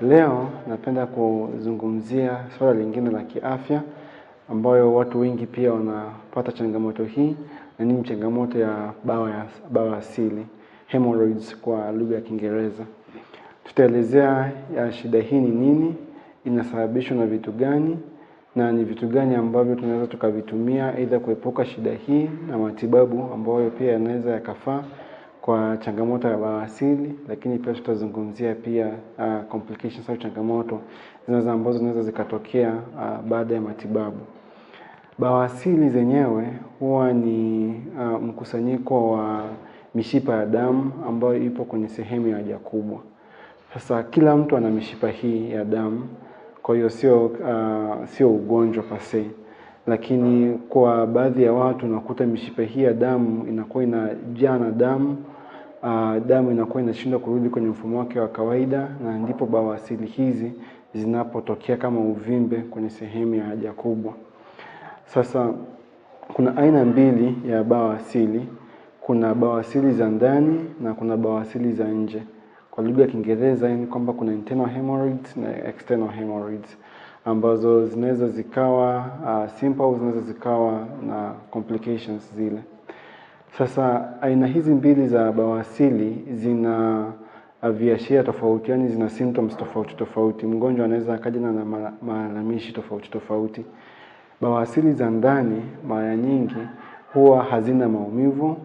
Leo napenda kuzungumzia suala lingine la kiafya ambayo watu wengi pia wanapata changamoto hii, na ni changamoto ya bawa ya bawa asili, hemorrhoids kwa lugha ya Kiingereza. Tutaelezea shida hii ni nini, inasababishwa na vitu gani na ni vitu gani ambavyo tunaweza tukavitumia aidha kuepuka shida hii na matibabu ambayo pia yanaweza yakafaa kwa changamoto ya bawasili lakini pia tutazungumzia pia uh, complications au changamoto zinazo ambazo zinaweza zikatokea uh, baada ya matibabu. bawasili zenyewe huwa ni uh, mkusanyiko wa mishipa ya damu ambayo ipo kwenye sehemu ya haja kubwa. Sasa kila mtu ana mishipa hii ya damu kwa hiyo sio uh, sio ugonjwa pasei, lakini kwa baadhi ya watu unakuta mishipa hii ya damu inakuwa inajaa na damu uh, damu inakuwa inashindwa kurudi kwenye mfumo wake wa kawaida, na ndipo bawasili hizi zinapotokea kama uvimbe kwenye sehemu ya haja kubwa. Sasa kuna aina mbili ya bawasili, kuna bawasili za ndani na kuna bawasili za nje kwa lugha ya Kiingereza ni kwamba kuna internal hemorrhoids na external hemorrhoids ambazo zinaweza zikawa uh, simple, zinaweza zikawa na complications zile. Sasa aina hizi mbili za bawasili zina uh, viashiria tofauti, yani zina symptoms tofauti tofauti. Mgonjwa anaweza akaja na malalamishi tofauti tofauti. Bawasili za ndani mara nyingi huwa hazina maumivu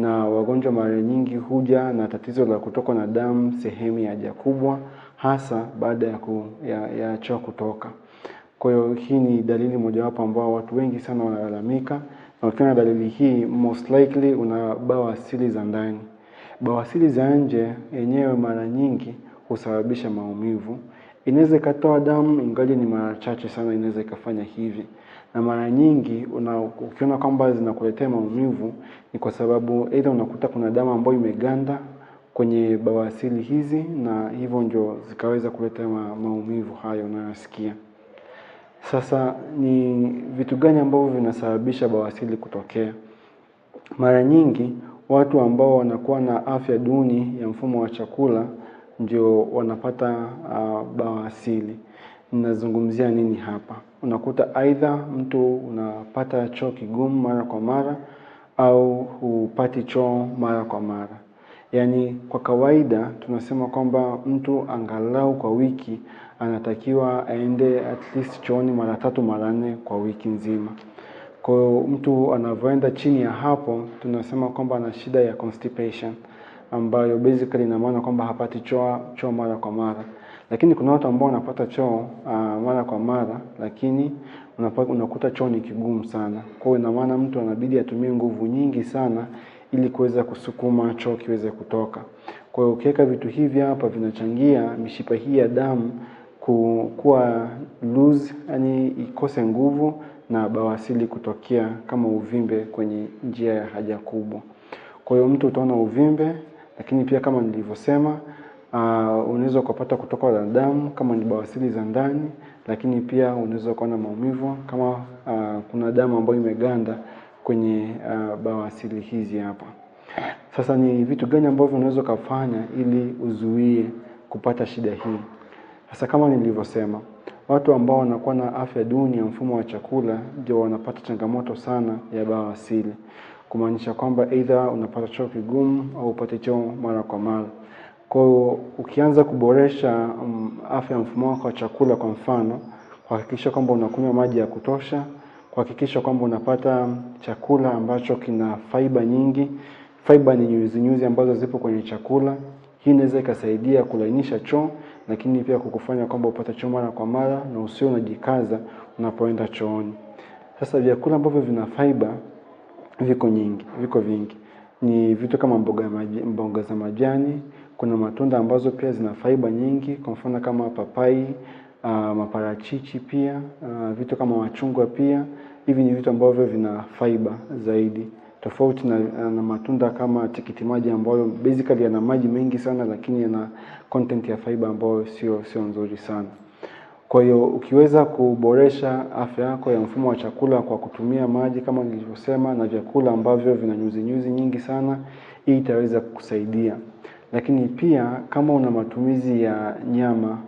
na wagonjwa mara nyingi huja na tatizo la kutokwa na damu sehemu ya haja kubwa, hasa baada ya, ku, ya, ya choo kutoka. Kwa hiyo hii ni dalili mojawapo ambao watu wengi sana wanalalamika, na ukiona dalili hii most likely una bawasili za ndani. Bawasili za nje yenyewe mara nyingi husababisha maumivu, inaweza ikatoa damu ingawa ni mara chache sana inaweza ikafanya hivi na mara nyingi una, ukiona kwamba zinakuletea maumivu ni kwa sababu aidha unakuta kuna damu ambayo imeganda kwenye bawasili hizi na hivyo ndio zikaweza kuleta ma, maumivu hayo unayosikia. Sasa ni vitu gani ambavyo vinasababisha bawasili kutokea? Mara nyingi watu ambao wanakuwa na afya duni ya mfumo wa chakula ndio wanapata uh, ah, bawasili mnazungumzia nini hapa? Unakuta aidha mtu unapata choo kigumu mara kwa mara au hupati choo mara kwa mara. Yaani kwa kawaida tunasema kwamba mtu angalau kwa wiki anatakiwa aende at least chooni mara tatu mara nne kwa wiki nzima. Kwa mtu anavyoenda chini ya hapo, tunasema kwamba ana shida ya constipation ambayo basically ina maana kwamba hapati choo choo mara kwa mara. Lakini kuna watu ambao wanapata choo uh, mara kwa mara, lakini unapata, unakuta choo ni kigumu sana. Kwa hiyo ina maana mtu anabidi atumie nguvu nyingi sana ili kuweza kusukuma choo kiweze kutoka. Kwa hiyo ukiweka vitu hivi hapa, vinachangia mishipa hii ya damu kuwa lose yani ikose nguvu na bawasili kutokea kama uvimbe kwenye njia ya haja kubwa. Kwa hiyo mtu utaona uvimbe, lakini pia kama nilivyosema uh, unaweza ukapata kutoka kwa damu kama ni bawasili za ndani, lakini pia unaweza ukawa na maumivu kama uh, kuna damu ambayo imeganda kwenye uh, bawasili hizi hapa. Sasa ni vitu gani ambavyo unaweza ukafanya ili uzuie kupata shida hii? Sasa kama nilivyosema, watu ambao wanakuwa na afya duni ya mfumo wa chakula ndio wanapata changamoto sana ya bawasili kumaanisha kwamba aidha unapata choo kigumu au upate choo mara kwa mara. Kwa ukianza kuboresha um, afya ya mfumo wako wa chakula, kwa mfano, kuhakikisha kwamba unakunywa maji ya kutosha, kuhakikisha kwamba unapata chakula ambacho kina fiber nyingi. Fiber ni nyuzi nyuzi ambazo zipo kwenye chakula. Hii inaweza ikasaidia kulainisha choo, lakini pia kukufanya kwamba upate choo mara kwa mara na usio unajikaza unapoenda chooni. Sasa vyakula ambavyo vina fiber viko nyingi, viko vingi. Ni vitu kama mboga za majani, kuna matunda ambazo pia zina faiba nyingi, kwa mfano kama papai, uh, maparachichi pia uh, vitu kama machungwa pia. Hivi ni vitu ambavyo vina faiba zaidi tofauti na, na matunda kama tikiti maji ambayo basically yana maji mengi sana, lakini yana content ya fiber ambayo sio sio nzuri sana. Kwa hiyo ukiweza kuboresha afya yako ya mfumo wa chakula kwa kutumia maji kama nilivyosema, na vyakula ambavyo vina nyuzi nyuzi nyingi sana, hii itaweza kukusaidia lakini pia kama una matumizi ya nyama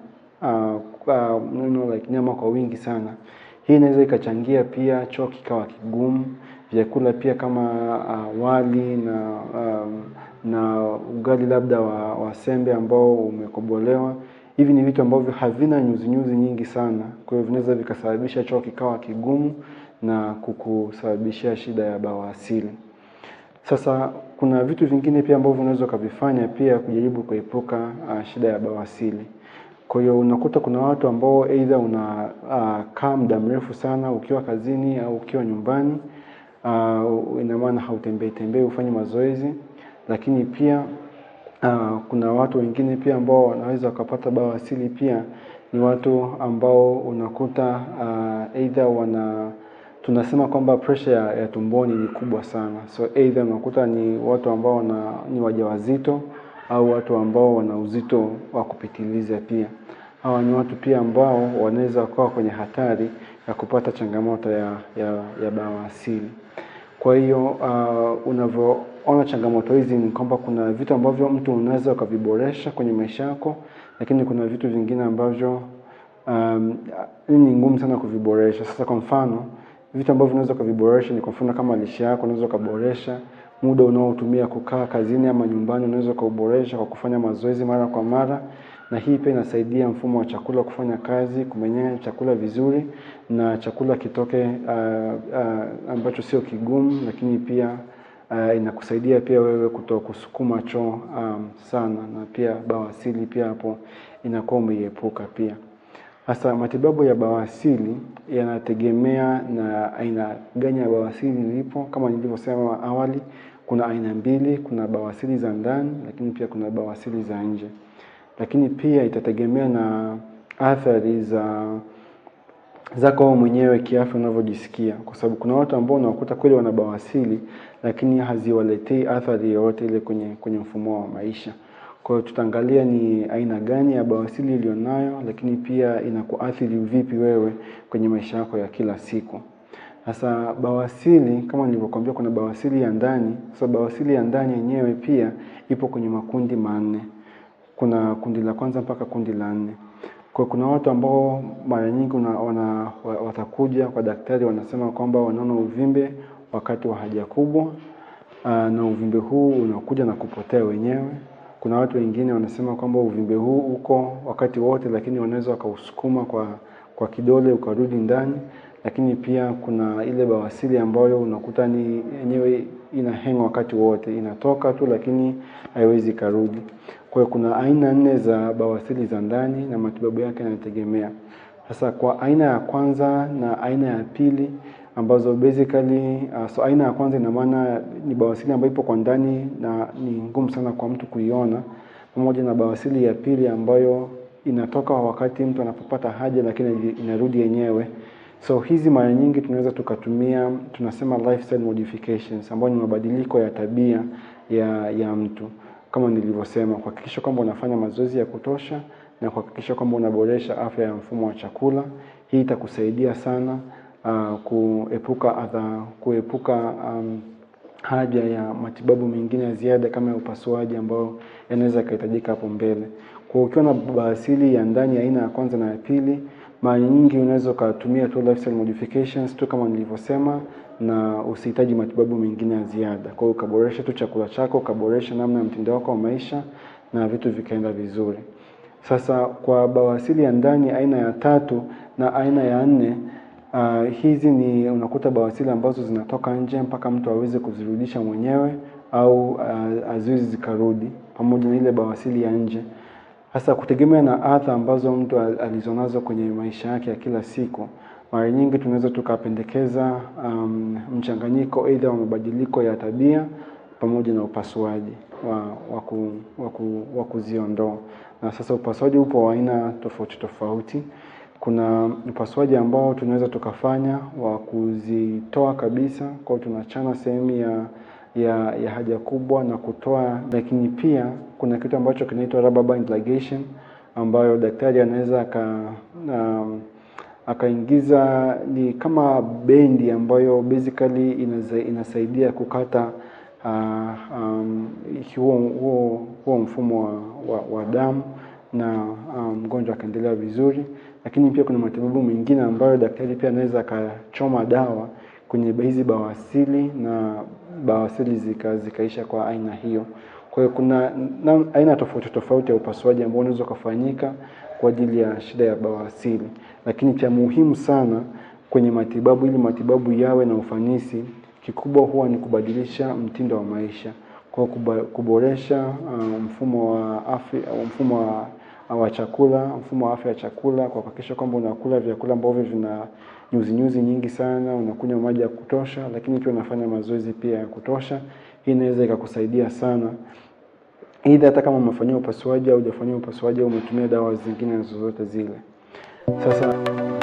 uh, uh, no, like nyama kwa wingi sana, hii inaweza ikachangia pia choo kikawa kigumu. Vyakula pia kama uh, wali na um, na ugali labda wa, wa sembe ambao umekobolewa, hivi ni vitu ambavyo havina nyuzi nyuzi nyingi sana, kwa hiyo vinaweza vikasababisha choo kikawa kigumu na kukusababishia shida ya bawasiri. Sasa kuna vitu vingine pia ambavyo unaweza ukavifanya pia kujaribu kuepuka uh, shida ya bawasili Kwa hiyo unakuta kuna watu ambao aidha unakaa ah, uh, muda mrefu sana ukiwa kazini au ukiwa nyumbani uh, ina maana hautembei tembei, ufanye mazoezi, lakini pia uh, kuna watu wengine pia ambao wanaweza wakapata bawasili pia ni watu ambao unakuta aidha uh, wana tunasema kwamba pressure ya, ya tumboni ni kubwa sana, so either unakuta ni watu ambao wana, ni wajawazito au watu ambao wana uzito wa kupitiliza. Pia hawa ni watu pia ambao wanaweza wakawa kwenye hatari ya kupata changamoto ya, ya, ya bawasiri. Kwa hiyo uh, unavyoona changamoto hizi ni kwamba kuna vitu ambavyo mtu unaweza ukaviboresha kwenye maisha yako, lakini kuna vitu vingine ambavyo um, ni ngumu sana kuviboresha. Sasa kwa mfano vitu ambavyo unaweza kuviboresha ni kwa mfano kama lishe yako unaweza kuboresha, muda unaotumia kukaa kazini ama nyumbani unaweza kuboresha kwa kufanya mazoezi mara kwa mara, na hii pia inasaidia mfumo wa chakula kufanya kazi, kumenyea chakula vizuri na chakula kitoke uh, uh, ambacho sio kigumu, lakini pia uh, inakusaidia pia wewe kutokusukuma choo um, sana, na pia bawasili pia hapo inakuwa umeiepuka pia. Sasa matibabu ya bawasiri yanategemea na aina gani ya bawasiri ilipo. Kama nilivyosema awali, kuna aina mbili, kuna bawasiri za ndani, lakini pia kuna bawasiri za nje. Lakini pia itategemea na athari za zako wewe mwenyewe kiafya unavyojisikia, kwa sababu kuna watu ambao unawakuta kweli wana bawasiri, lakini haziwaletei athari yoyote ile kwenye kwenye mfumo wa maisha. Kwa hiyo tutaangalia ni aina gani ya bawasili iliyonayo lakini pia inakuathiri vipi wewe kwenye maisha yako ya kila siku. Sasa bawasili kama nilivyokuambia, kuna bawasili ya ndani. Sasa bawasili ya ndani yenyewe pia ipo kwenye makundi manne. Kuna kundi la kwanza mpaka kundi la nne. Kwa kuna watu ambao mara nyingi wana, watakuja kwa daktari wanasema kwamba wanaona uvimbe wakati wa haja kubwa, ah, na uvimbe huu unakuja na kupotea wenyewe. Kuna watu wengine wanasema kwamba uvimbe huu uko wakati wote, lakini wanaweza wakausukuma kwa, kwa kidole ukarudi ndani. Lakini pia kuna ile bawasiri ambayo unakuta ni yenyewe ina henga wakati wote, inatoka tu, lakini haiwezi karudi. Kwa hiyo kuna aina nne za bawasiri za ndani na matibabu yake yanategemea. Sasa kwa aina ya kwanza na aina ya pili ambazo basically uh, so aina ya kwanza ina maana ni bawasili ambayo ipo kwa ndani na ni ngumu sana kwa mtu kuiona, pamoja na bawasili ya pili ambayo inatoka wakati mtu anapopata haja, lakini inarudi yenyewe. So hizi mara nyingi tunaweza tukatumia, tunasema lifestyle modifications, ambayo ni mabadiliko ya tabia ya, ya mtu kama nilivyosema, kuhakikisha kwamba unafanya mazoezi ya kutosha na kuhakikisha kwamba unaboresha afya ya mfumo wa chakula. Hii itakusaidia sana uh, kuepuka adha, kuepuka um, haja ya matibabu mengine ya ziada kama ya upasuaji ambayo yanaweza yakahitajika hapo mbele. Kwa ukiwa na bawasiri ya ndani aina ya, ya kwanza na ya pili, mara nyingi unaweza ukatumia tu lifestyle modifications tu kama nilivyosema, na usihitaji matibabu mengine ya ziada. Kwa hiyo ukaboresha tu chakula chako, ukaboresha namna ya mtindo wako wa maisha na vitu vikaenda vizuri. Sasa kwa bawasiri ya ndani aina ya tatu na aina ya nne Uh, hizi ni unakuta bawasili ambazo zinatoka nje mpaka mtu aweze kuzirudisha mwenyewe au uh, ah, aziwezi zikarudi pamoja na ile bawasili ya nje. Hasa kutegemea na adha ambazo mtu alizonazo kwenye maisha yake ya kila siku, mara nyingi tunaweza tukapendekeza um, mchanganyiko aidha wa mabadiliko ya tabia pamoja na upasuaji wa kuziondoa. Na sasa upasuaji upo wa aina tofauti tofauti. Kuna upasuaji ambao tunaweza tukafanya wa kuzitoa kabisa, kwa tunachana sehemu ya, ya, ya haja kubwa na kutoa, lakini pia kuna kitu ambacho kinaitwa rubber band ligation ambayo daktari anaweza aka um, akaingiza ni kama bendi ambayo basically inaza, inasaidia kukata uh, um, huo, huo, huo mfumo wa, wa, wa damu na um, mgonjwa um, akaendelea vizuri. Lakini pia kuna matibabu mengine ambayo daktari pia anaweza akachoma dawa kwenye hizi bawasili na bawasili zika, zikaisha kwa aina hiyo. Kwa hiyo kuna na, aina tofauti tofauti ya upasuaji ambao unaweza kufanyika kwa ajili ya shida ya bawasili, lakini cha muhimu sana kwenye matibabu, ili matibabu yawe na ufanisi kikubwa, huwa ni kubadilisha mtindo wa maisha kwa kuboresha uh, mfumo wa afya, mfumo wa wa chakula, mfumo wa afya ya chakula kwa kuhakikisha kwamba unakula vyakula ambavyo vina nyuzi nyuzi nyingi sana, unakunywa maji ya kutosha, lakini pia unafanya mazoezi pia ya kutosha. Hii inaweza ikakusaidia sana, aidha hata kama umefanyiwa upasuaji au hujafanyiwa upasuaji au umetumia dawa zingine zozote zile. Sasa